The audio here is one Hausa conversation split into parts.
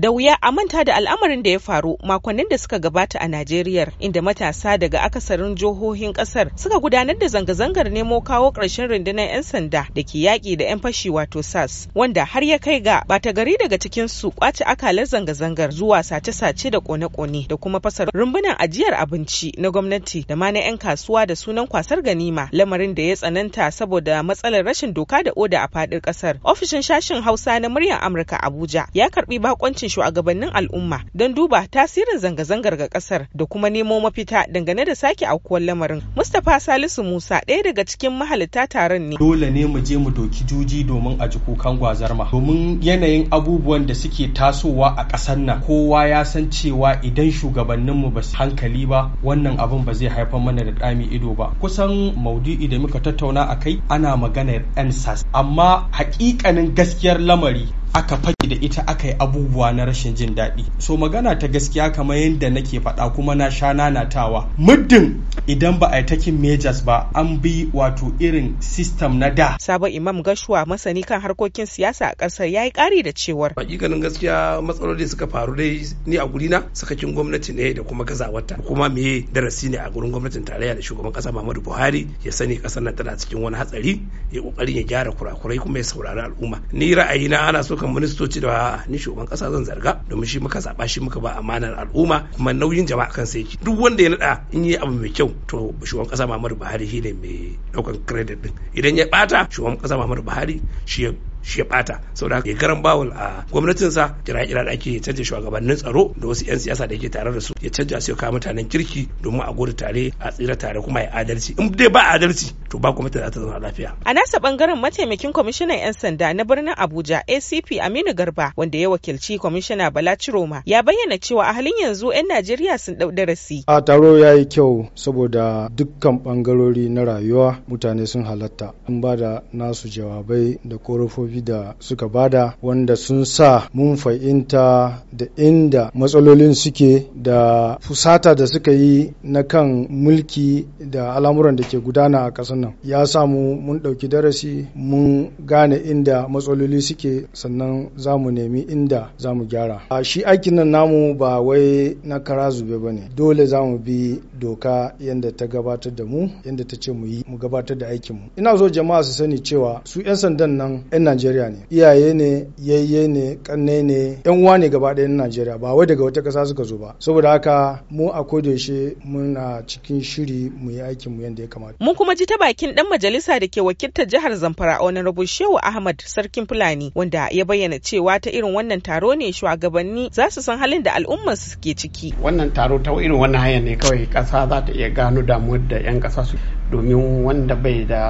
da wuya a manta da al'amarin da ya faru makonnin da suka gabata a Najeriya inda matasa daga akasarin jihohin kasar suka gudanar da zanga-zangar nemo kawo ƙarshen rundunar 'yan sanda da ke yaƙi da 'yan fashi wato SAS wanda har ya kai ga bata gari daga cikin su kwace akalar zanga-zangar zuwa sace-sace da kone-kone da kuma fasar rumbunan ajiyar abinci na gwamnati da ma na 'yan kasuwa da sunan kwasar ganima lamarin da ya tsananta saboda matsalar rashin doka da oda a fadin ƙasar. Ofishin sashen Hausa na muryar Amurka Abuja ya karɓi bakoncin a shugabannin al'umma don duba tasirin zanga-zangar ga kasar da kuma nemo mafita dangane da sake aukuwar lamarin. Mustapha Salisu Musa ɗaya daga cikin mahalitta taron ne. Dole ne mu je mu doki juji domin a ji kukan gwazarma. Domin yanayin abubuwan da suke tasowa a ƙasar nan kowa ya san cewa idan shugabanninmu ba su hankali ba wannan abin ba zai haifar mana da ɗami ido ba. Kusan maudu'i da muka tattauna a kai ana maganar 'yan sas. Amma hakikanin gaskiyar lamari aka fake da ita aka yi abubuwa na rashin jin daɗi so magana ta gaskiya kamar yadda nake faɗa kuma na sha nanatawa muddin idan ba a yi takin majors ba an bi wato irin system na da sabon imam gashuwa masani kan harkokin siyasa a ƙasar ya yi ƙari da cewar hakikanin gaskiya matsaloli suka faru dai ni a guri na sakakin gwamnati ne da kuma gazawata. kuma me darasi ne a gurin gwamnatin tarayya da shugaban ƙasa muhammadu buhari ya sani ƙasar na tana cikin wani hatsari ya ƙoƙarin ya gyara kurakurai kuma ya saurari al'umma ni ra'ayina ana so ayyukan ministoci da ni shugaban kasa zan zarga domin shi muka zaba shi muka ba amanar al'umma kuma nauyin jama'a kan sai duk wanda ya nada in yi abu mai kyau to shugaban kasa Muhammadu Buhari shi ne mai daukan credit din idan ya bata shugaban kasa Muhammadu Buhari shi ya shi ya bata saboda haka garan bawul a gwamnatinsa kira kira da ake canja shugabannin tsaro da wasu yan siyasa da ke tare da su ya canja su ya kawo mutanen kirki domin a gode tare a tsira tare kuma ya adalci in dai ba adalci to ba gwamnati ta zama lafiya. A nasa bangaren mataimakin kwamishinan 'yan sanda na birnin Abuja ACP Aminu Garba wanda ya wakilci kwamishina Bala Ciroma ya bayyana cewa a halin yanzu 'yan Najeriya sun dau darasi. A taro ya yi kyau saboda dukkan bangarori na rayuwa mutane sun halatta an ba da nasu jawabai da korofofi da suka bada wanda sun sa mun fahimta da inda matsalolin suke da fusata da suka yi na kan mulki da al'amuran da ke gudana a ƙasar wannan ya samu mun ɗauki darasi mun gane inda matsaloli suke sannan za mu nemi inda za mu gyara a shi aikin nan namu ba wai na kara zube ba ne dole za mu bi doka yadda ta gabatar da mu yadda ta ce mu yi mu gabatar da aikinmu ina so jama'a su sani cewa su 'yan sandan nan 'yan najeriya ne iyaye ne yayye ne kanne ne 'yan uwa ne gaba ɗaya najeriya ba wai daga wata ƙasa suka zo ba saboda haka mu a kodayaushe muna cikin shiri mu yi aikinmu yadda ya kamata mun kuma ji ta bakin dan majalisa da ke wakilta jihar Zamfara Honorable Shehu Ahmad Sarkin Fulani wanda ya bayyana cewa ta irin wannan taro ne shugabanni za su san halin da al'ummar su ke ciki. Wannan taro ta irin wannan hanya ne kawai kasa za ta iya gano damuwar da 'yan kasa su domin wanda bai da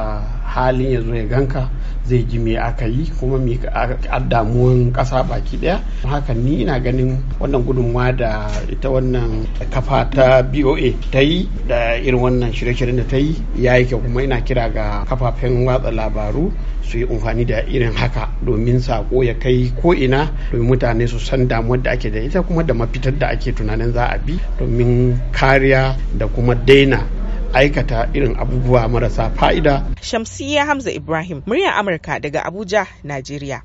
halin ya zo ya ganka zai ji me aka yi kuma me damuwan ƙasa baki ɗaya haka ni ina ganin wannan gudunmawa da ita wannan kafa ta boa ta yi da irin wannan shirye-shiryen da ta yi ya yi kyau kuma ina kira ga kafafen watsa labaru su yi amfani da irin haka domin sako ya kai ko ina domin mutane su san damuwar da ake da ita kuma da mafitar da ake tunanin za a bi domin kariya da kuma daina aikata irin abubuwa marasa fa'ida. Shamsiyya Hamza Ibrahim, murya Amurka daga Abuja, Najeriya.